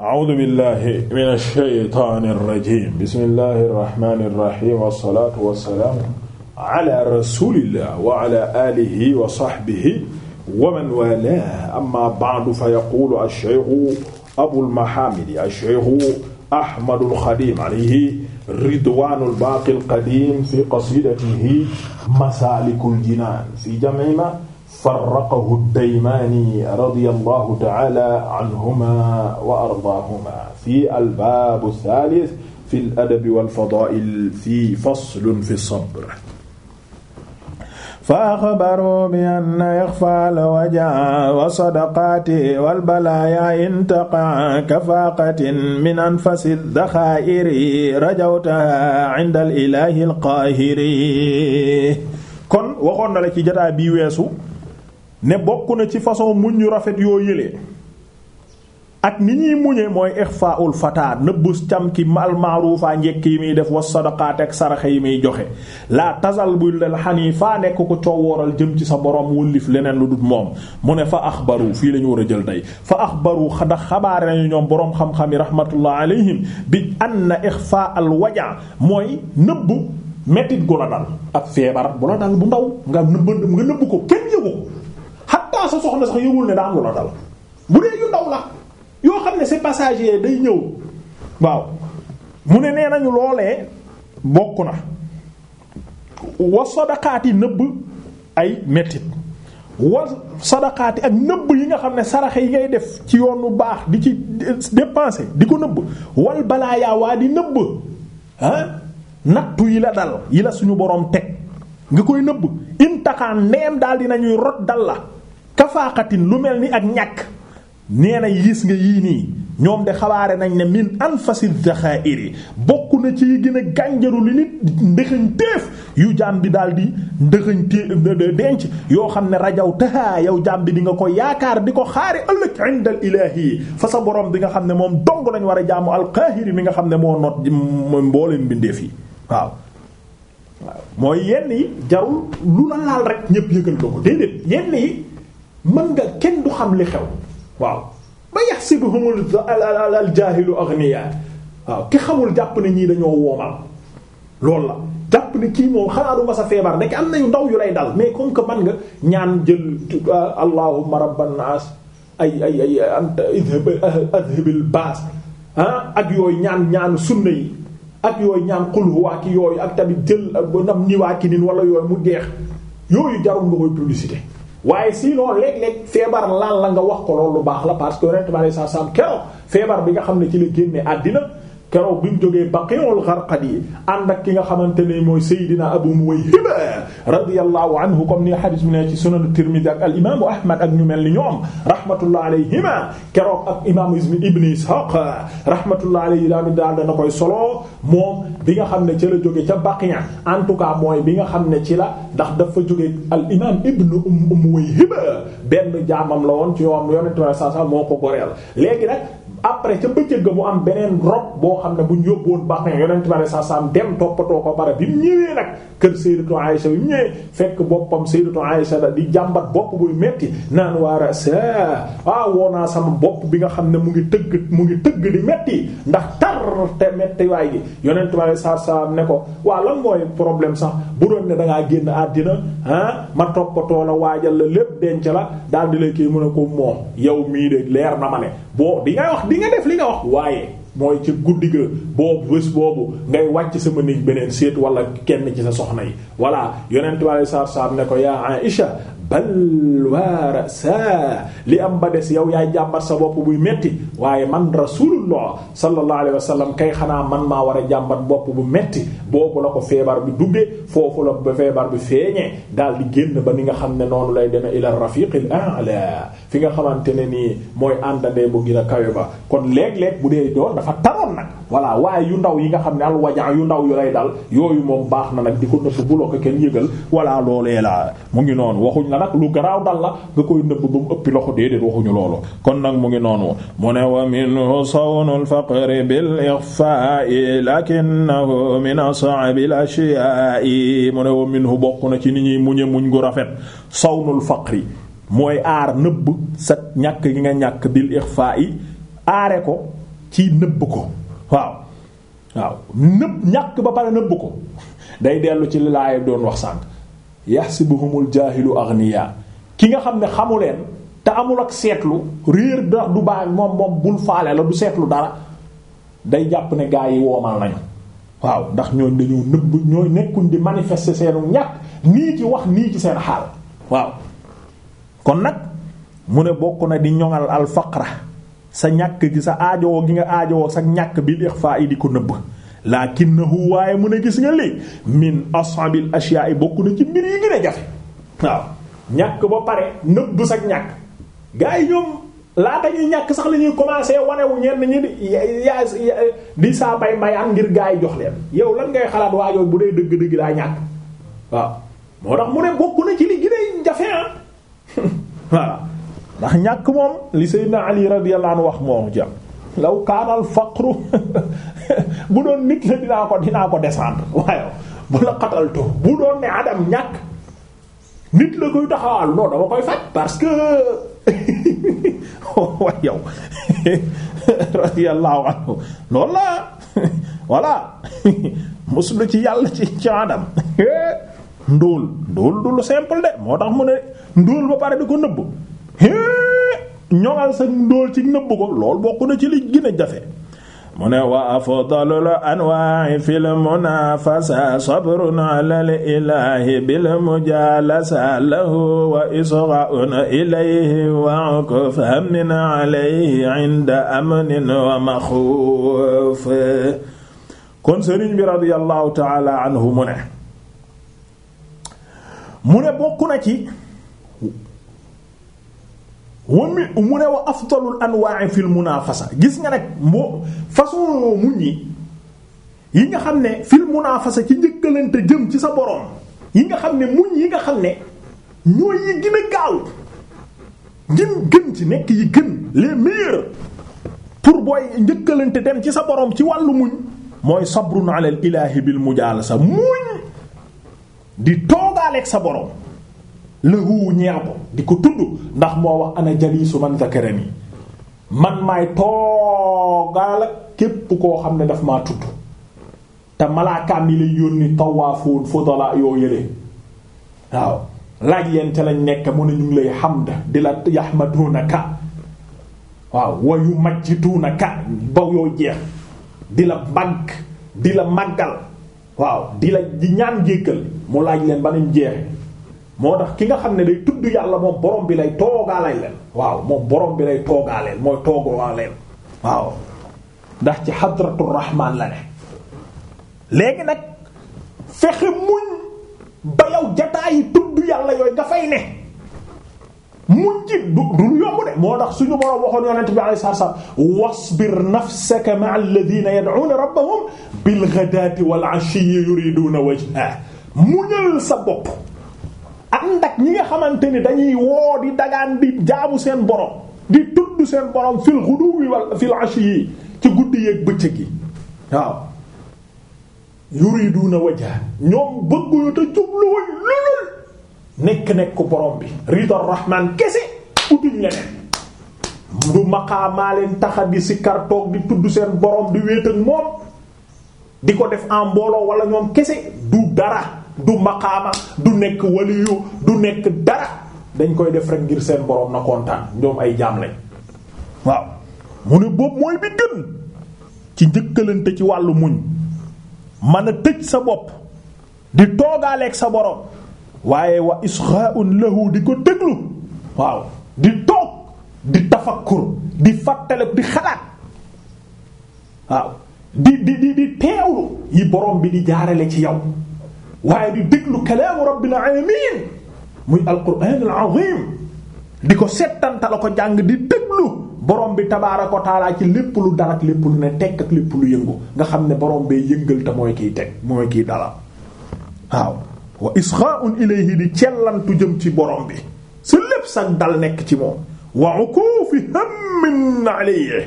a'uudu billahi mina shaytaani rajiim bismillahi rahmaani rahiim wassalaatu wassalaamu ala rasuulillah wa ala aalihi wa sahbihi wa man waalaahu amma ba'du fa yaquulu ash-shaykhu abul mahaamidi ash-shaykhu ahmadul xadiim alayhi ridwaanul baaqil qadiim fi qasiidatihi masaalikul jinaan fi jam'i ma farraqahu daymaani radiyallahu ta'ala anhuma wa ardaahuma fi albaabu saalis fi ladabi wal fadaa'il fi faslun fi sabr. fa axbaruu bi anna ixfaa al-wajaa wa sadaqaati wal balaayaa in taqaa kafaaqatin min anfasi daxaa'iri rajawtahaa inda al-ilaahi al-qaahiri kon waxoon na la ci jotaay bi weesu. ne bokk na ci façon muñ yu rafet yoo yëlee ak ni ñuy muñe mooy ixfaul fata nëbbus cam ki al maaruufaa njekk yi muy def wa sadaqaat ak saraxe yi muy joxe la tasal bul lal xaniifa nekk ko coowooral jëm ci sa borom wëllif leneen lu dut moom mu ne fa axbaru fii lañu war a jël tey fa axbaru ndax xabaare nañu ñoom boroom xam-xam yi rahmatullah alayhim bi anna ixfa al waja mooy nëbb mettit gu la dal ab feebar bu la dal bu ndaw nga nëbb pourtant sa soxna sax yëgul ne daa la dal bu dee yu ndaw la yoo xam ne c'est passager day ñëw waaw mu ne nee nañu loolee bokk na wa sadaqaati nëbb ay mettit wa sadaqaati ak nëbb yi nga xam ne saraxe yi ngay def ci yoonu baax di ci dépenser di ko nëbb wal balaa yaa waa di nëbb ah nattu yi la dal yi la suñu boroom teg nga koy nëbb intaxaan neem daal dinañuy rot dal la kafaaxatin lu mel ni ak ñàkk nee na gis nga yii nii ñoom de xabaare nañ ne min anfasil zaxairi bokk na ci yi gën a gànjaru li nit ndëxañteef yu jaam bi daal di ndëxañte denc yoo xam ne rajaw tahaa yow jaam bi di nga ko yaakaar di ko xaare ëllëg ind al ilahi fa sa borom bi nga xam ne moom dong lañ war a jàmm alqaahiri mi nga xam ne moo not mbooleen mbindeef yi waaw waaw mooy yenn yi jarul lu la laal rek ñépp yëgal la ko déedéet yenn yi man nga kenn du xam li xew waaw ba yahsibuhumul al jaahilu aghniya waaw ki xamul jàpp ne ñii dañoo woomal loolu la jàpp ne kii moom xanaa du masa feebar nekk am na yu ndaw yu lay dal mais comme que man nga ñaan jël allahumma rabban nas ay ay ay anta idhib adhibil baas ah ak yooyu ñaan ñaanu sunna yi ak yooyu ñaan qul huwa ki yooyu ak tamit jël nam niwaa ki nin wala yooyu mu jeex yooyu jarul nga koy publicité waaye sinon léeg-léeg feebar laal la nga wax ko loolu lu baax la parce que honnêtement les sàmm keroog feebar bi nga xam ne ci la génne àddina. keroog bi mu jógee Baqiul Gharqadi ànd ak ki nga xamante ne mooy Seydina Abu Muwayhiba radiyallahu anhu comme ni hadith bi ne ci sunan Tirmidhi ak al imaamu Ahmad ak ñu mel ni ñoom rahmatullah alayhima keroog ak imaamu Ibn Ishaq rahmatullah alayhi daal dana koy solo moom bi nga xam ne ca la jóge ca Baqi en tout cas mooy bi nga xam ne ci la ndax dafa jóge al imaam Ibn Muwayhiba benn jaamam la woon ci yoon yonent sallallahu alayhi wasallam moo ko goreel léegi nag après ca bëccëg ga mu am beneen rob boo xam ne bu ñu yóbbuwoon baax na yonent bi alayhi salaam dem toppatoo ko bara bi mu ñëwee nag kër Sayyidatu Aïsha bi ñëwee fekk boppam Sayyidatu Aïsha di jàmbat bopp buy metti naan waara sa ah naa sama bopp bi nga xam ne mu ngi tëgg mu ngi tëgg di metti ndax tar gi yonent bi ne ko waa lan mooy problème sax bu doon ne da génn àddina ah ma toppatoo la waajal la lépp denc la daal di lay mën a ko moom yow mii de leer na ma ne boo di nga wax di def li nga wax waaye mooy ci guddi ga boobu bés boobu ngay wàcc sama néeg beneen seet wala kenn ci sa soxna yi voilà yonent bi saa saam ne ko yaa Aïcha bal waara sa li am ba des yow yaay jàmbat sa bopp buy metti waaye man rasulullah sallallahu alayhi wa sallam kay xanaa man maa war a jàmbat bopp bu metti boobu la ko feebar bi duggee foofu la ba feebar bi feeñee daal di génn ba ni nga xam ne noonu lay demee ila rafiqil a'la fi nga xamante ne nii mooy àndandee bu gën a kawe ba kon léeg-léeg bu dee doon dafa taroon nag voilà waaye yu ndaw yi nga xam ne al wajan yu ndaw yu lay dal yooyu moom baax na nag di ko nëbb bu la ko kenn yëgal voilà loolee la mu ngi noonu waxuñ la nag lu garaaw la nga koy nëbb ba mu ëppi loxo déedéet waxuñu loolu kon nag mu ngi noonu mu ne wa minhu sawnul faqri bil ikhfa'i lakinnahu min nasaa bil ashyaa'i mu ne wa minhu bokk na ci ni ñuy muñe muñ gu rafet sawnul faqri mooy aar nëbb sa ñàkk gi nga ñàkk bil ixfaa'i aare ko ci nëbb ko waaw waaw nëbb ñàkk ba pare nëbb ko day dellu ci li doon wax sànq yahsibuhumul jaahilu aghniya ki nga xam ne xamu leen te amul ak seetlu réer ndax du baax moom moom bul faale la du seetlu dara day jàpp ne gaa yi woomal nañu waaw ndax ñooñ dañoo nëbb ñooy nekkuñ di manifester seenu ñàkk nii ci wax nii ci seen xaal waaw kon nag mu ne bokk na di ñoŋal al sa ñàkk gi sa aajoo gi nga aajoo sa ñàkk bi ixfa yi di ko nëbb lakinnahu waaye mu ne gis nga lii min ashabil ashiya'i bokk na ci mbir yi gën a jafe waaw ñàkk ba pare nëbb sa ñàkk gaa yi ñoom laata ñuy ñàkk sax la ñuy commencer wanewu ñenn ñi di yaa di saa bay mbayaan ngir gaa yi jox leen yow lan ngay xalaat waajoo bu dee dëgg-dëgg daa ñàkk waaw moo tax mu ne bokk ci li gën ah. ñàkk moom li Seydina Ali radiyallahu moo ci law kaanal faqru bu doon nit la dinaa ko dinaa ko descendre waaye bu la xatal to bu doon ne adam ñàkk nit la koy taxawal non dama koy faj parce que wa yow radiyallahu anhu loolu la voilà muslu ci yàlla ci ci adam ndóol ndóol du lu simple de moo tax mu ne ndóol ba pare di ko nëbb ñoŋal sa ndóol ci nëbb ko loolu bokk na ci li gën jafe mu ne wa afdalul anwaa'i fil munafasa sabrun alal ilaahi bil mujaalasa lahu wa isra'un ilayhi wa ukf hammin alayhi inda amnin wa maxuuf kon sëriñ bi radiyallahu ta'ala anhu mu ne mu ne bokk na ci wami mu ne wa afdalul anwaa'i fil munaafasa gis nga nag moo façon muñ yi yi nga xam ne fil munaafasa ci njëkkalante jëm ci sa borom yi nga xam ne muñ yi nga xam ne ñooy yi gën a gaaw gën gën ci nekk yi gën les meilleurs pour booy njëkkalante dem ci sa borom ci wàllu muñ mooy sabrun ala al ilaahi bil mujaalasa muñ di toogaaleeg sa boroom lëhuwu ñeex ko di ko tudd ndax moo wax ana jaliisu man zakarani man may toogaal ak képp koo xam ne daf maa tudd te malaakaam yi lay yónni tawaafoon fudala yoo yële waaw laaj leen te lañ nekk mu ne ñu ngi lay hamda di la yahmadunaka waaw wayu majjidunaka ba yoo jeex di la bagg di la màggal waaw di la di ñaan jéggal mu laaj leen ba nañ jeex moo tax ki nga xam ne day tudd yàlla moom borom bi lay toogaaleel leen waaw moom borom bi lay toogaaleel mooy toogaaleel waaw ndax ci xadratu rahmaan la ne léegi nag fexe muñ ba yow jataayi tudd yàlla yooyu nga fay ne muñ ci du du yomb de moo tax suñu borom waxoon yonent bi alayhi salaam wasbir nafsaka ma'a alladhina yad'una rabbahum bil ghadati wal 'ashiyyi yuriduna wajha muñal sa bopp ànd ñi nga xamante ni dañuy woo di dagaan bi jaamu seen borom di tudd seen borom fil ghuduwi wal fil ashi ci guddi yeeg bëccëg yi waaw yuriduna wajha ñoom bëgguñu te jubluwuñ lulul nekk nekk borom bi ridar rahman kese utuñ leneen du maqaamaa leen taxa di si kartoog di tudd seen borom di wéet ak moom di ko def en mbooloo wala ñoom kese du dara du maqaama du nekk waliyu du nekk dara dañ koy def rek ngir seen borom na kontaan ñoom ay jaam lañ waaw mu ne boobu mooy bi gën ci njëkkalante ci wàllu muñ mën a tëj sa bopp di toogaaleeg sa borom waaye wa isxaun lahu di ko déglu waaw di toog di tafakkur di fàttale di xalaat waaw di di di di yi borom bi di jaarale ci yow waaye di déglu kalaamu rabbil alamin muy alquraan alazim di ko settanta la ko jàng di déglu borom bi tabaaraka wa taala ci lépp lu dal ak lépp lu ne tekk ak lépp lu yëngu nga xam ne borom bee yëngal te mooy kiy teg mooy kiy dalal waaw wa isxaa'un ilayhi di cellantu jëm ci borom bi su lépp sax dal nekk ci moom wa ukuufi hammin alayhi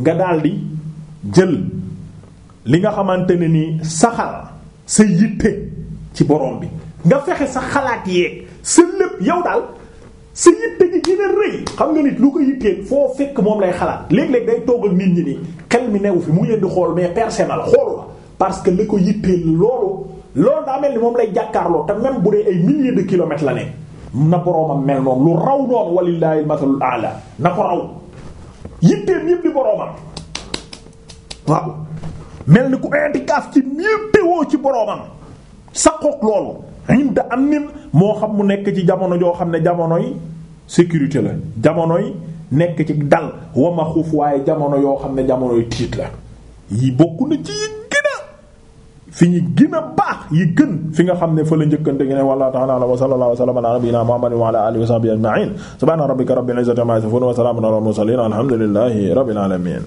nga daldi jël li nga xamante ne nii saxal sa yitte ci borom bi nga fexe sa xalaat yeeg sa lépp yow daal sa yitte a rëy xam nga nit lu ko yitteel foo fekk moom lay xalaat léeg-léeg day toog ak nit ñi nii xel mi newu fi mu ngi leen di xool mais personnel xoolu la parce que li ko yitteel loolu loolu daa mel ni moom lay jàkkaarloo te même bu dee ay milliers de kilomètres la ne na boroomam mel noonu lu raw noonu walillahi al-masalul a'la na ko raw yitteem yëpp di boroomam waaw mel ni ku intikaaf ci météo ci boroomam saqoog loolu inda am nin moo xam mu nekk ci jamono joo xam ne jamonoy sécurité la jamonoy nekk ci dal wama xuuf waaye jamono yoo xam ne jamonoy tiit la yi bokk na ci yi gën a fi ñu gën a baax yi gën fi nga xam ne fa njëkkante gi ne wallahu ta'ala wa sallallahu wa sallama ala nabiyyina muhammadin wa ala alihi al mursalin alhamdulillahi rabbil alamin